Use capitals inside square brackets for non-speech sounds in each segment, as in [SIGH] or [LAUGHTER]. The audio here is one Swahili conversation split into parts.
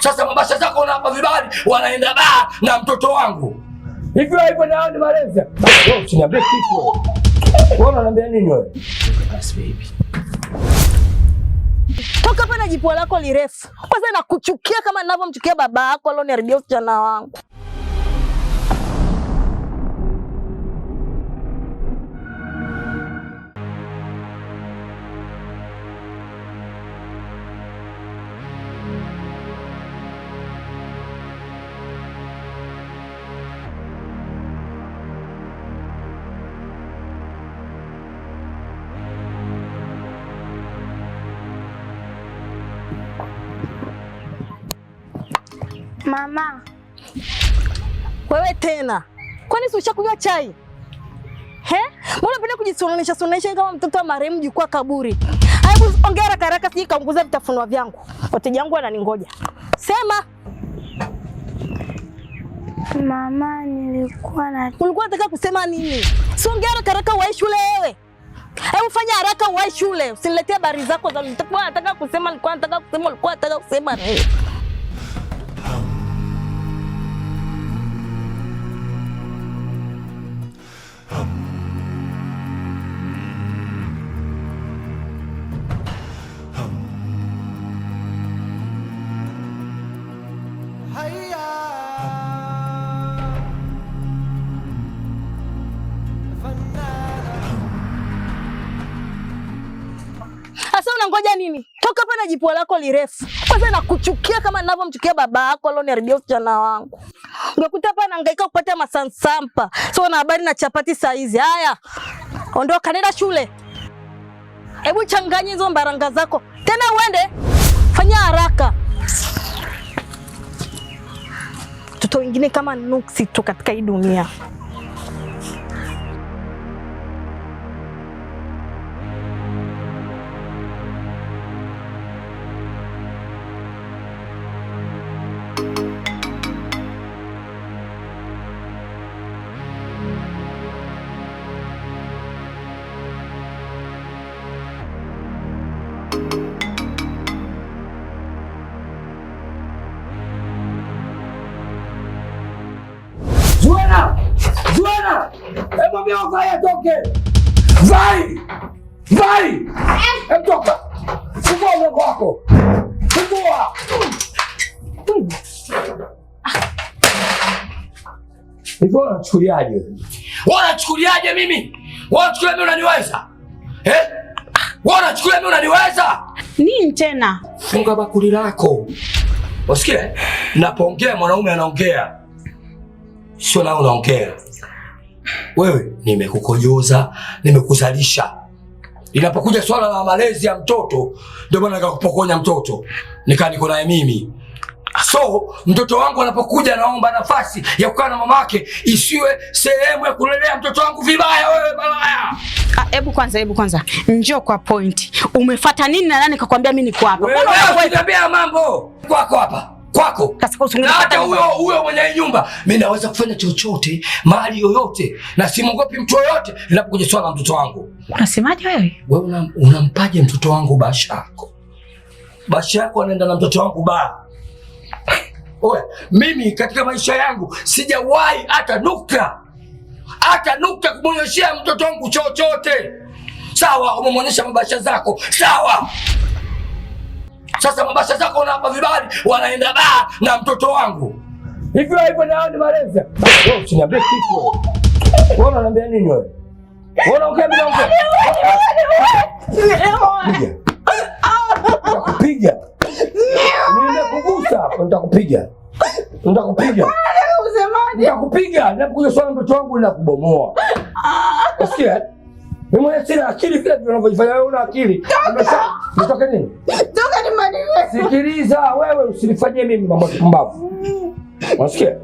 Sasa mabasha zako unawapa vibali, wanaenda baa na mtoto wangu hivi hivyo, nao ni malezi. Usiniambie kitu wewe, unaniambia nini wewe? Toka pana jipua lako lirefu kwanza, nakuchukia kama ninavyomchukia baba yako aloniharibia usichana wangu. Mama wewe tena, kwani si ushakunywa chai? Mbona unapenda kujisunanisha sunanisha kama mtoto wa marehemu jukwa kaburi? Hebu ongea haraka haraka, sije kaunguza vitafunwa vyangu. Wateja wangu wananingoja. Sema mama, nilikuwa na... ulikuwa unataka kusema nini? Si ongea haraka haraka, uwahi shule wewe. Hebu fanya haraka uwahi shule, usiniletee habari zako za nilikuwa nataka kusema, nilikuwa nataka kusema, ulikuwa nataka kusema nini? Unangoja nini? Toka hapa na jipua lako lirefu. Kwanza nakuchukia kama ninavyomchukia baba yako aloniharibia usichana wangu. Ungekuta hapa nahangaika kupata masansampa. Sio na habari na chapati saa hizi. Haya. Ondoka nenda shule. Hebu changanya hizo mbaranga zako. Tena uende. Fanya haraka. Mtoto wengine kama nuksi tu katika hii dunia. Ameongoya atoke. Vai! Vai! Etoka. Fungua mlango wako. Fungua. Hivyo unachukuliaje? Unachukuliaje mimi? Unachukulia mimi unaniweza? Eh? Unachukulia mimi unaniweza? Nini tena? Funga bakuli lako. Wasikia? Napoongea mwanaume anaongea. Sio na unaongea wewe nimekukojoza, nimekuzalisha. Inapokuja swala la malezi ya mtoto, ndio maana nikakupokonya mtoto, nikaa niko naye mimi. So mtoto wangu anapokuja anaomba nafasi ya kukaa na mamake, isiwe sehemu ya kulelea mtoto wangu vibaya. Wewe malaya! Ah, hebu kwanza, hebu kwanza njoo kwa point. Umefuata nini na nani kakwambia mimi niko hapa? Wewe mambo kwako hapa kwako usungu hata huyo huyo mwenye nyumba, mimi naweza kufanya chochote mali yoyote, na simwogopi mtu yoyote ninapokuja swala mtoto wangu. Unasemaje wewe? Wewe unampaje mtoto wangu basha yako? Basha yako anaenda na mtoto wangu ba. Oya, mimi katika maisha yangu sijawahi hata nukta hata nukta kumwonyeshea mtoto wangu chochote. Sawa, umemwonyesha mabasha zako, sawa sasa mabasha zako unawapa vibali, wanaenda baa na mtoto wangu Hivyo hivyo, wao ni malezi. Usiniambie kitu wewe, unaniambia nini wewe? Unaongea bila ongea, nitakupiga, nimekugusa hapo, nitakupiga, nitakupiga, nitakupiga, ninapokuja swala mtoto wangu ninakubomoa, usikia? Mimi mwenyewe sina akili, vile vile unavyojifanya wewe una akili Nitoke nini? Toka ni madiwe. Sikiliza wewe usinifanyie mimi mambo ya pumbavu. Unasikia?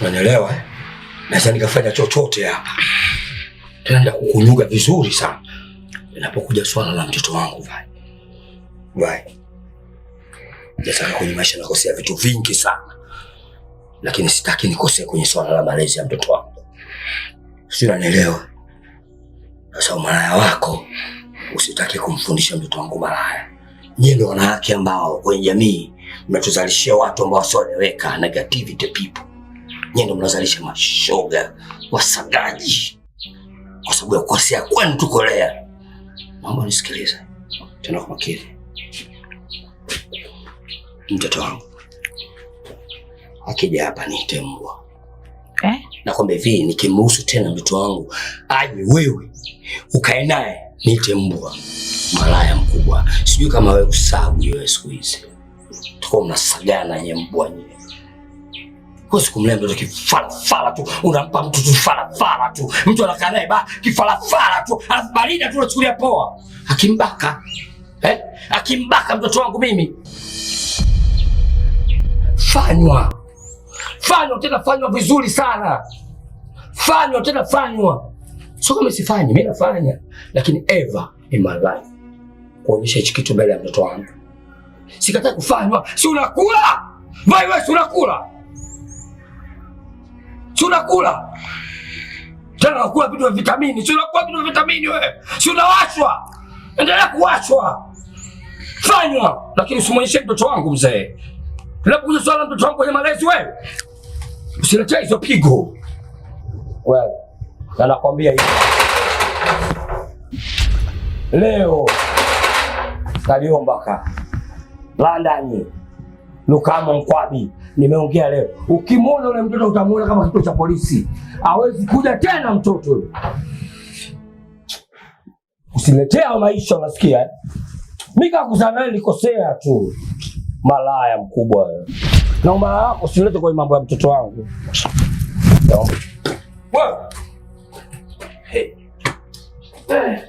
Unanielewa? Eh? Naweza nikafanya chochote hapa. Tenda kukunyuga vizuri sana. Inapokuja swala la mtoto wangu vai. Vai. Jasana kwenye maisha nakosea vitu vingi sana. Lakini sitaki nikosee kwenye swala la malezi ya mtoto wangu. Sio, unanielewa? Sasa umalaya wako Usitaki kumfundisha mtoto wangu malaya. Nyie ndio wanawake ambao kwenye jamii mnatuzalishia watu ambao wasioeleweka, negativity people. Nyie ndio mnazalisha mashoga, wasagaji, kwa sababu ya kukosea kwenu tu kolea. Naomba nisikilize tena kwa makini, mtoto wangu akija hapa niite mbwa eh? na kwamba hivi, nikimruhusu tena mtoto wangu aje wewe ukae naye, niite mbwa malaya mkubwa. Sijui kama wewe usabu wewe siku hizi tuko mnasagana nye mbwa nye Huwezi kumlea mtoto kifarafara tu, unampa mtoto tu farafara tu, mtu anakaa naye ba kifarafara tu, alafu barida tu unachukulia poa. Akimbaka eh? Akimbaka mtoto wangu mimi fanywa fanywa tena fanywa vizuri sana, fanywa tena fanywa, sio kama sifanyi mimi, nafanya lakini ever in my life kuonyesha hichi kitu mbele ya mtoto wangu sikataa kufanywa. Si unakula vai wewe, si unakula, si unakula tena, unakula vitu vya vitamini, si unakula vitu vya vitamini wewe, si unawashwa, endelea kuwashwa, fanywa, lakini usimwonyeshe mtoto wangu mzee. Unapokuja swala mtoto wangu kwenye malezi wewe Usiletea hizo pigo. Well, na nakwambia hivi. Leo Kaliombaka Landani Lukamo Mkwabi, nimeongea leo. Ukimwona ule mtoto utamwona kama kituo cha polisi, awezi kuja tena mtoto Usiletea maisha, unasikia? Mimi kakuzana nilikosea tu, malaya mkubwa wewe na umaa wako usilete kwa mambo ya mtoto wangu. Hey. Hey.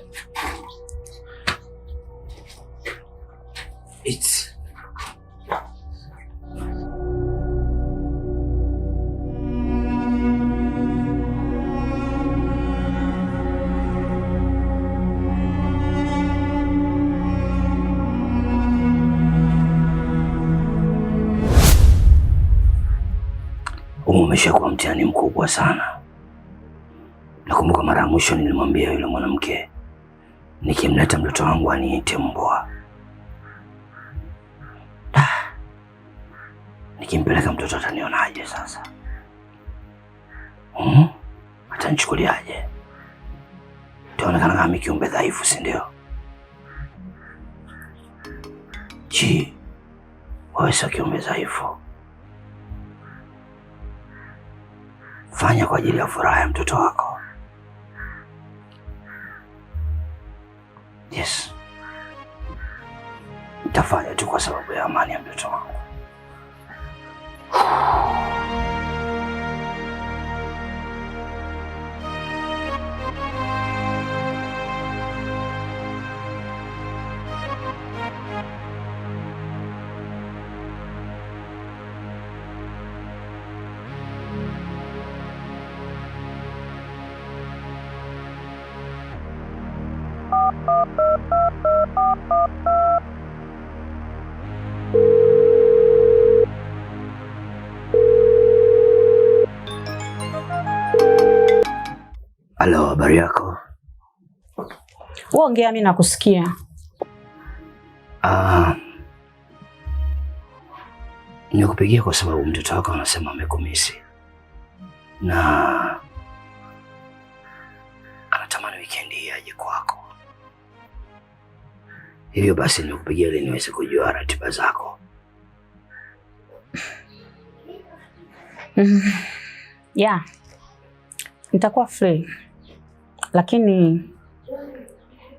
umesha kuwa mtihani mkubwa sana. Nakumbuka mara ya mwisho nilimwambia yule mwanamke nikimleta mtoto wangu aniite mbwa. Ah, nikimpeleka mtoto atanionaje sasa? Hmm? Atanichukuliaje? Taonekana kama kiumbe dhaifu, si ndio? Ji, wewe sio kiumbe dhaifu. fanya kwa ajili ya furaha ya mtoto wako. Yes, nitafanya tu kwa sababu ya amani ya mtoto wangu. Halo, habari yako? uongea mimi nakusikia. Ah, nikupigia kwa sababu mtoto wako anasema amekumisi na anatamani wikendi hii aje kwako, hivyo basi nikupigia ili niweze kujua ratiba zako. ya mm-hmm. yeah. Nitakuwa free lakini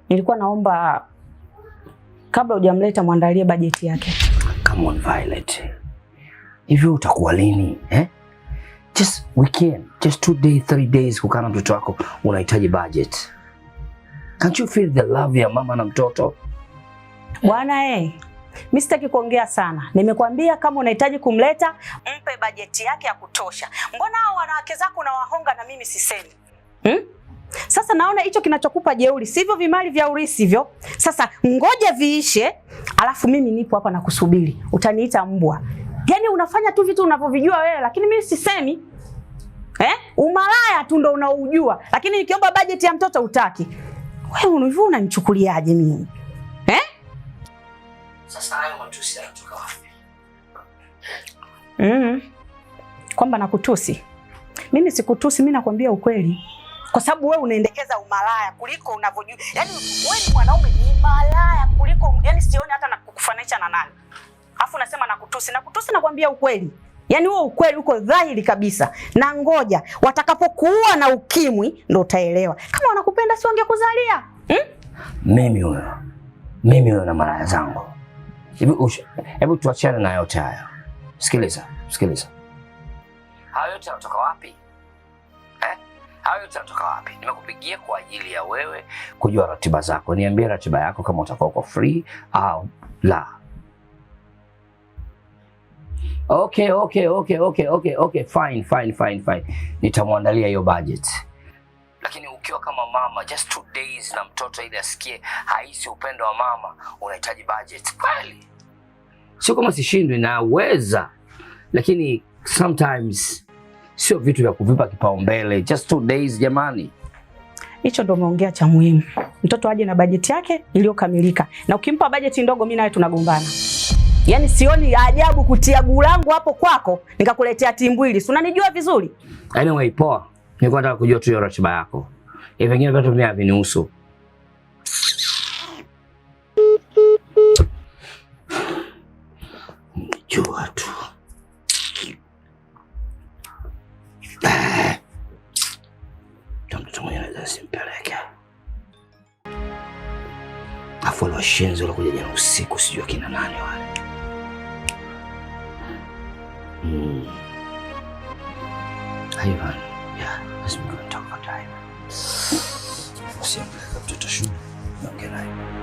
nilikuwa naomba kabla hujamleta mwandalie bajeti yake. Come on Violet, hivyo utakuwa lini eh? Just weekend, just two day, three days kukaa na mtoto wako unahitaji budget. Can't you feel the love ya mama na mtoto bwana eh? Mimi sitaki kuongea sana, nimekwambia kama unahitaji kumleta mpe bajeti yake ya kutosha. Mbona hao wanawake zako unawahonga na mimi sisemi hmm? Sasa naona hicho kinachokupa jeuri sivyo vimali vya urithi hivyo. Sasa ngoja viishe, alafu mimi nipo hapa na kusubiri. Utaniita mbwa. Yaani unafanya tu vitu unavyovijua wewe, lakini mimi sisemi. Eh? Umalaya tu ndo unaujua. Lakini nikiomba bajeti ya mtoto utaki. Wewe univyo unanichukuliaje mimi? Eh? Sasa hayo matusi yanatoka wapi? Mm. Kwamba nakutusi. Mimi sikutusi, mimi nakwambia ukweli kwa sababu wewe unaendekeza umalaya kuliko unavyojua. Yani wewe ni mwanaume ni malaya kuliko, yani sioni hata nakukufananisha na nani, afu nasema nakutusi, nakutusi, nakwambia ukweli. Yani huo ukweli uko dhahiri kabisa, na ngoja watakapokuua na ukimwi ndo utaelewa. Kama wanakupenda si wangekuzalia hmm? Mimi huyo mimi huyo na malaya zangu. Hebu tuachane na yote haya. Sikiliza, sikiliza, hayo yote yanatoka wapi? Hayo yote yanatoka wapi? Nimekupigia kwa ajili ya wewe kujua ratiba zako. Niambie ratiba yako kama utakuwa uko free au la. Okay, okay, okay, okay, okay, okay. Fine, fine, fine, fine. Nitamwandalia hiyo budget. Lakini ukiwa kama mama just two days na mtoto ili asikie haisi upendo wa mama, unahitaji budget kweli? Sio kama sishindwi, naweza, lakini sometimes sio vitu vya kuvipa kipaumbele. Just two days jamani. Hicho ndo umeongea cha muhimu. Mtoto aje na bajeti yake iliyokamilika, na ukimpa bajeti ndogo, mimi nawe tunagombana. Yaani sioni ajabu kutia guu langu hapo kwako nikakuletea timbwili, si unanijua vizuri. Anyway, poa, nilikuwa nataka kujua tu hiyo ratiba yako, eh, vingine vyote mimi havinihusu. washenzi walikuja jana usiku, sijui kina nani wale. mtoto hmm. shule, naongea naye.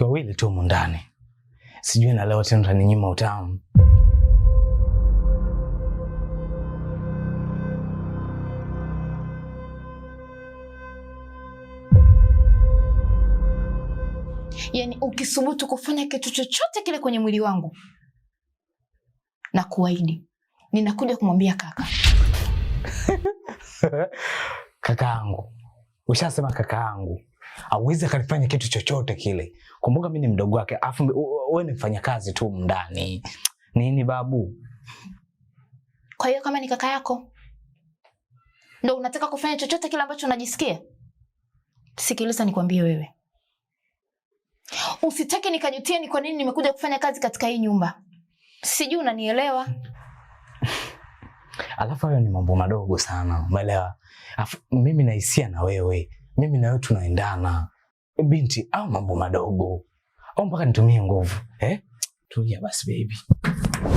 wanawake wawili tu humu ndani. Sijui na leo tena utaninyima utamu. Yaani ukisubutu kufanya kitu chochote kile kwenye mwili wangu, na kuahidi ninakuja kumwambia kaka [LAUGHS] kaka angu ushasema kakaangu awezi akanifanya kitu chochote kile. Kumbuka mi ni mdogo wake, afu wewe ni mfanyakazi tu mndani nini babu. Kwa hiyo kama ni kaka yako ndo unataka kufanya chochote kile ambacho unajisikia? Sikiliza nikwambie wewe, usitake nikajutie ni kwa nini nimekuja kufanya kazi katika hii nyumba. Sijui unanielewa? Alafu hayo ni mambo madogo sana, umeelewa? Mimi nahisia na wewe mimi na wewe tunaendana binti, au mambo madogo au mpaka nitumie nguvu eh? Tulia basi baby.